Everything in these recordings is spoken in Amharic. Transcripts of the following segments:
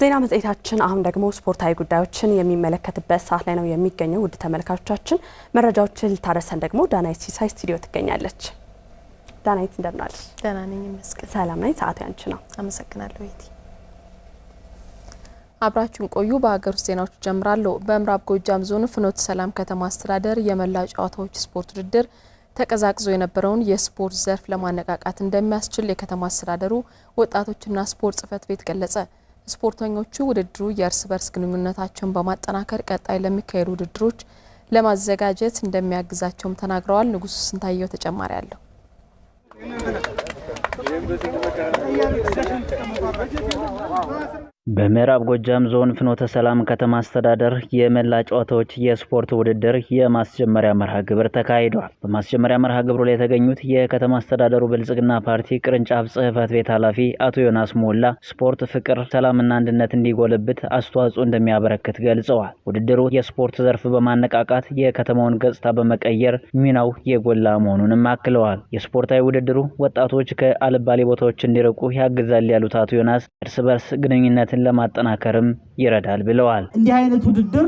ዜና መጽሔታችን አሁን ደግሞ ስፖርታዊ ጉዳዮችን የሚመለከትበት ሰዓት ላይ ነው የሚገኘው። ውድ ተመልካቾቻችን መረጃዎችን ልታደርሰን ደግሞ ዳናይት ሲሳይ ስቱዲዮ ትገኛለች። ዳናይት እንደምናለሽ? ደህና ነኝ ይመስገን። ሰላም ናይት፣ ሰዓቱ ያንቺ ነው። አመሰግናለሁ ቤቲ። አብራችሁን ቆዩ። በሀገር ውስጥ ዜናዎች ጀምራለሁ። በምዕራብ ጎጃም ዞን ፍኖተ ሰላም ከተማ አስተዳደር የመላ ጨዋታዎች ስፖርት ውድድር ተቀዛቅዞ የነበረውን የስፖርት ዘርፍ ለማነቃቃት እንደሚያስችል የከተማ አስተዳደሩ ወጣቶችና ስፖርት ጽሕፈት ቤት ገለጸ። ስፖርተኞቹ ውድድሩ የእርስ በርስ ግንኙነታቸውን በማጠናከር ቀጣይ ለሚካሄዱ ውድድሮች ለማዘጋጀት እንደሚያግዛቸውም ተናግረዋል። ንጉሱ ስንታየው ተጨማሪ አለው። በምዕራብ ጎጃም ዞን ፍኖተ ሰላም ከተማ አስተዳደር የመላ ጨዋታዎች የስፖርት ውድድር የማስጀመሪያ መርሃ ግብር ተካሂዷል። በማስጀመሪያ መርሃ ግብሩ ላይ የተገኙት የከተማ አስተዳደሩ ብልጽግና ፓርቲ ቅርንጫፍ ጽህፈት ቤት ኃላፊ አቶ ዮናስ ሞላ ስፖርት ፍቅር፣ ሰላምና አንድነት እንዲጎለብት አስተዋጽኦ እንደሚያበረክት ገልጸዋል። ውድድሩ የስፖርት ዘርፍ በማነቃቃት የከተማውን ገጽታ በመቀየር ሚናው የጎላ መሆኑንም አክለዋል። የስፖርታዊ ውድድሩ ወጣቶች ከአልባሌ ቦታዎች እንዲርቁ ያግዛል ያሉት አቶ ዮናስ እርስ በርስ ግንኙነት ግንኙነትን ለማጠናከርም ይረዳል ብለዋል። እንዲህ አይነት ውድድር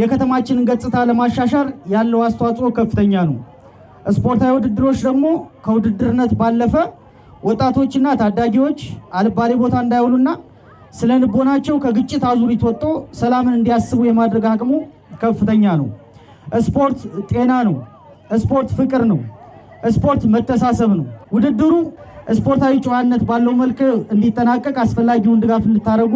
የከተማችንን ገጽታ ለማሻሻል ያለው አስተዋጽኦ ከፍተኛ ነው። ስፖርታዊ ውድድሮች ደግሞ ከውድድርነት ባለፈ ወጣቶችና ታዳጊዎች አልባሌ ቦታ እንዳይውሉና ስለ ልቦናቸው ከግጭት አዙሪት ወጥቶ ሰላምን እንዲያስቡ የማድረግ አቅሙ ከፍተኛ ነው። ስፖርት ጤና ነው። ስፖርት ፍቅር ነው። ስፖርት መተሳሰብ ነው። ውድድሩ ስፖርታዊ ጨዋነት ባለው መልክ እንዲጠናቀቅ አስፈላጊውን ድጋፍ እንድታደርጉ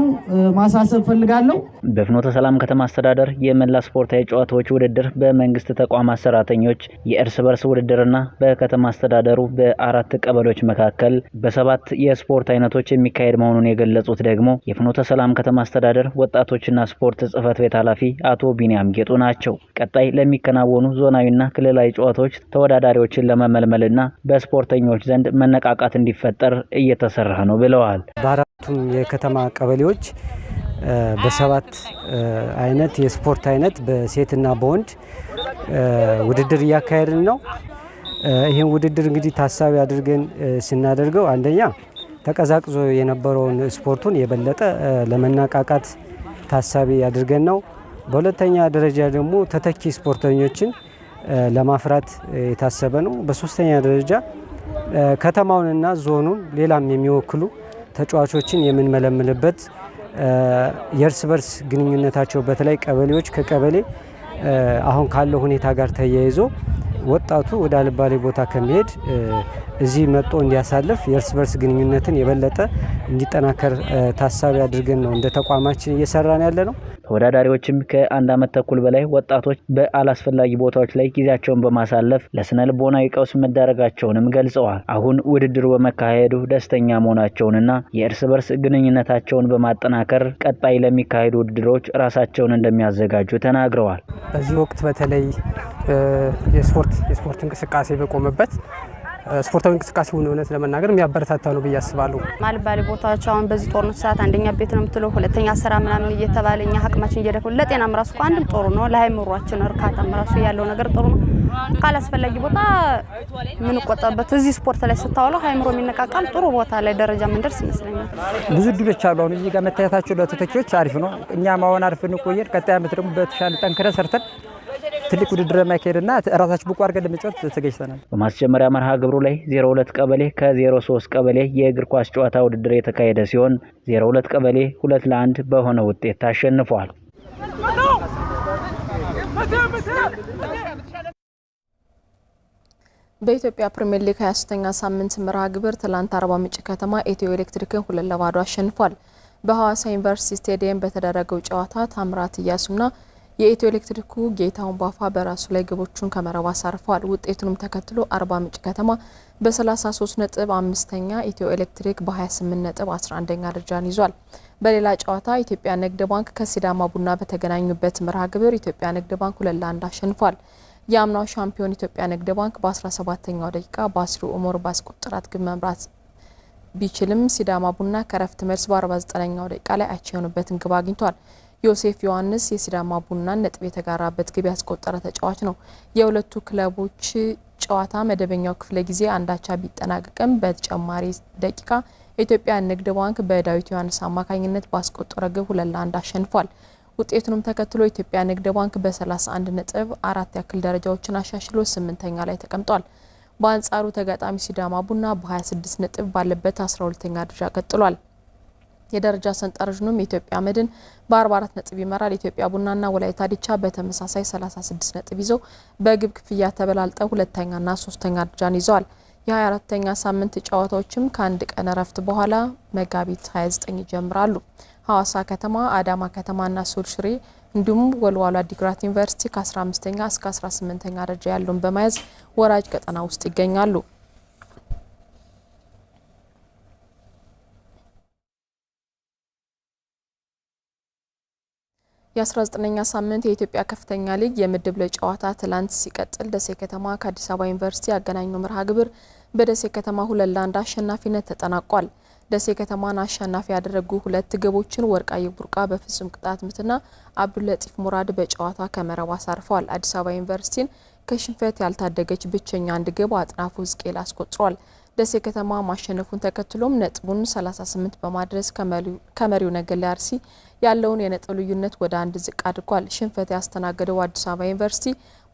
ማሳሰብ ፈልጋለሁ። በፍኖተ ሰላም ከተማ አስተዳደር የመላ ስፖርታዊ ጨዋታዎች ውድድር በመንግስት ተቋማት ሰራተኞች የእርስ በርስ ውድድርና በከተማ አስተዳደሩ በአራት ቀበሌዎች መካከል በሰባት የስፖርት አይነቶች የሚካሄድ መሆኑን የገለጹት ደግሞ የፍኖተ ሰላም ከተማ አስተዳደር ወጣቶችና ስፖርት ጽህፈት ቤት ኃላፊ አቶ ቢንያም ጌጡ ናቸው። ቀጣይ ለሚከናወኑ ዞናዊና ክልላዊ ጨዋታዎች ተወዳዳሪዎችን ለመመልመልና በስፖርተኞች ዘንድ መነቃቃት እንዲፈጠር እየተሰራ ነው ብለዋል። በአራቱም የከተማ ቀበሌዎች በሰባት አይነት የስፖርት አይነት በሴትና በወንድ ውድድር እያካሄድን ነው። ይህን ውድድር እንግዲህ ታሳቢ አድርገን ስናደርገው አንደኛ ተቀዛቅዞ የነበረውን ስፖርቱን የበለጠ ለመናቃቃት ታሳቢ አድርገን ነው። በሁለተኛ ደረጃ ደግሞ ተተኪ ስፖርተኞችን ለማፍራት የታሰበ ነው። በሶስተኛ ደረጃ ከተማውንና ዞኑን ሌላም የሚወክሉ ተጫዋቾችን የምንመለምልበት የእርስ በርስ ግንኙነታቸው በተለይ ቀበሌዎች ከቀበሌ አሁን ካለው ሁኔታ ጋር ተያይዞ ወጣቱ ወደ አልባሌ ቦታ ከሚሄድ እዚህ መጦ እንዲያሳልፍ የእርስ በርስ ግንኙነትን የበለጠ እንዲጠናከር ታሳቢ አድርገን ነው እንደ ተቋማችን እየሰራን ያለ ነው። ተወዳዳሪዎችም ከአንድ ዓመት ተኩል በላይ ወጣቶች በአላስፈላጊ ቦታዎች ላይ ጊዜያቸውን በማሳለፍ ለስነ ልቦናዊ ቀውስ መዳረጋቸውንም ገልጸዋል። አሁን ውድድሩ በመካሄዱ ደስተኛ መሆናቸውንና የእርስ በርስ ግንኙነታቸውን በማጠናከር ቀጣይ ለሚካሄዱ ውድድሮች ራሳቸውን እንደሚያዘጋጁ ተናግረዋል። በዚህ ወቅት በተለይ የስፖርት የስፖርት እንቅስቃሴ በቆመበት ስፖርታዊ እንቅስቃሴውን እውነት ለመናገር የሚያበረታታ ነው ብዬ አስባለሁ። አልባሌ ቦታዎች አሁን በዚህ ጦርነት ሰዓት አንደኛ ቤት ነው የምትለው፣ ሁለተኛ ስራ ምናምን እየተባለ እኛ አቅማችን እየደከመ ለጤናም ራሱ አንድም ጥሩ ነው፣ ለአእምሯችን እርካታም ራሱ ያለው ነገር ጥሩ ነው። ካላስፈላጊ ቦታ የምንቆጠበት እዚህ ስፖርት ላይ ስታውለው አእምሮ የሚነቃቃል። ጥሩ ቦታ ላይ ደረጃ ምንደርስ ይመስለኛል። ብዙ እድሎች አሉ። አሁን እዚህ ጋር መታየታቸው ለተተኪዎች አሪፍ ነው። እኛ ማሆን አሪፍ እንቆየን። ቀጣይ ዓመት ደግሞ በተሻለ ጠንክረን ሰርተን ትልቅ ውድድር ለማካሄድና ራሳችን ብቁ አድርገን ለመጫወት ተዘጋጅተናል። በማስጀመሪያ መርሃ ግብሩ ላይ 02 ቀበሌ ከ03 ቀበሌ የእግር ኳስ ጨዋታ ውድድር የተካሄደ ሲሆን 02 ቀበሌ 2 ለ1 በሆነ ውጤት ታሸንፏል። በኢትዮጵያ ፕሪምየር ሊግ 26ኛ ሳምንት መርሃ ግብር ትላንት አርባ ምንጭ ከተማ ኢትዮ ኤሌክትሪክን ሁለት ለባዶ አሸንፏል። በሐዋሳ ዩኒቨርሲቲ ስቴዲየም በተደረገው ጨዋታ ታምራት እያሱና የኢትዮ ኤሌክትሪኩ ጌታውን ባፋ በራሱ ላይ ግቦቹን ከመረብ አሳርፏል። ውጤቱንም ተከትሎ አርባ ምንጭ ከተማ በ33 ነጥብ አምስተኛ ኢትዮ ኤሌክትሪክ በ28 ነጥብ 11ኛ ደረጃን ይዟል። በሌላ ጨዋታ ኢትዮጵያ ንግድ ባንክ ከሲዳማ ቡና በተገናኙበት መርሃ ግብር ኢትዮጵያ ንግድ ባንክ ሁለት ለአንድ አሸንፏል። የአምናው ሻምፒዮን ኢትዮጵያ ንግድ ባንክ በ17ኛው ደቂቃ በአስሩ ኡሞር ባስቆጠራት ግብ መምራት ቢችልም ሲዳማ ቡና ከረፍት መልስ በ49ኛው ደቂቃ ላይ አቻ የሆነበትን ግብ አግኝቷል። ዮሴፍ ዮሐንስ የሲዳማ ቡናን ነጥብ የተጋራበት ግብ ያስቆጠረ ተጫዋች ነው። የሁለቱ ክለቦች ጨዋታ መደበኛው ክፍለ ጊዜ አንዳቻ ቢጠናቀቅም በተጨማሪ ደቂቃ የኢትዮጵያ ንግድ ባንክ በዳዊት ዮሐንስ አማካኝነት ባስቆጠረ ግብ ሁለት ለአንድ አሸንፏል። ውጤቱንም ተከትሎ የኢትዮጵያ ንግድ ባንክ በ31 ነጥብ አራት ያክል ደረጃዎችን አሻሽሎ ስምንተኛ ላይ ተቀምጧል። በአንጻሩ ተጋጣሚ ሲዳማ ቡና በ26 ነጥብ ባለበት 12ኛ ደረጃ ቀጥሏል። የደረጃ ሰንጠረዥንም የኢትዮጵያ መድን በ44 ነጥብ ይመራል። ኢትዮጵያ ቡናና ወላይታ ዲቻ በተመሳሳይ 36 ነጥብ ይዘው በግብ ክፍያ ተበላልጠው ሁለተኛና ሶስተኛ ደረጃን ይዘዋል። የ24ተኛ ሳምንት ጨዋታዎችም ከአንድ ቀን እረፍት በኋላ መጋቢት 29 ይጀምራሉ። ሐዋሳ ከተማ፣ አዳማ ከተማና ሱል እንዲሁም ወልዋሎ አዲግራት ዩኒቨርሲቲ ከ15ኛ እስከ 18ኛ ደረጃ ያለውን በመያዝ ወራጅ ቀጠና ውስጥ ይገኛሉ። የ19ኛ ሳምንት የኢትዮጵያ ከፍተኛ ሊግ የምድብ ለ ጨዋታ ትላንት ሲቀጥል ደሴ ከተማ ከአዲስ አበባ ዩኒቨርሲቲ ያገናኘው መርሃ ግብር በደሴ ከተማ ሁለት ለአንድ አሸናፊነት ተጠናቋል። ደሴ ከተማን አሸናፊ ያደረጉ ሁለት ግቦችን ወርቃየ ቡርቃ በፍጹም ቅጣት ምትና አብዱልለጢፍ ሙራድ በጨዋታ ከመረብ አሳርፈዋል። አዲስ አበባ ዩኒቨርሲቲን ከሽንፈት ያልታደገች ብቸኛ አንድ ግብ አጥናፉ ዝቄል አስቆጥሯል። ደሴ ከተማ ማሸነፉን ተከትሎም ነጥቡን 38 በማድረስ ከመሪው ነገሌ አርሲ ያለውን የነጥብ ልዩነት ወደ አንድ ዝቅ አድርጓል። ሽንፈት ያስተናገደው አዲስ አበባ ዩኒቨርሲቲ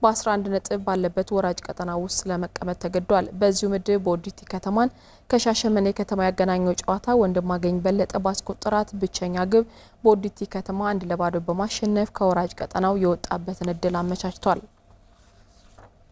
በ11 ነጥብ ባለበት ወራጅ ቀጠና ውስጥ ለመቀመጥ ተገዷል። በዚሁ ምድብ ቦዲቲ ከተማን ከሻሸመኔ ከተማ ያገናኘው ጨዋታ ወንድማገኝ በለጠ ባስቆጠራት ብቸኛ ግብ ቦዲቲ ከተማ አንድ ለባዶ በማሸነፍ ከወራጅ ቀጠናው የወጣበትን እድል አመቻችቷል።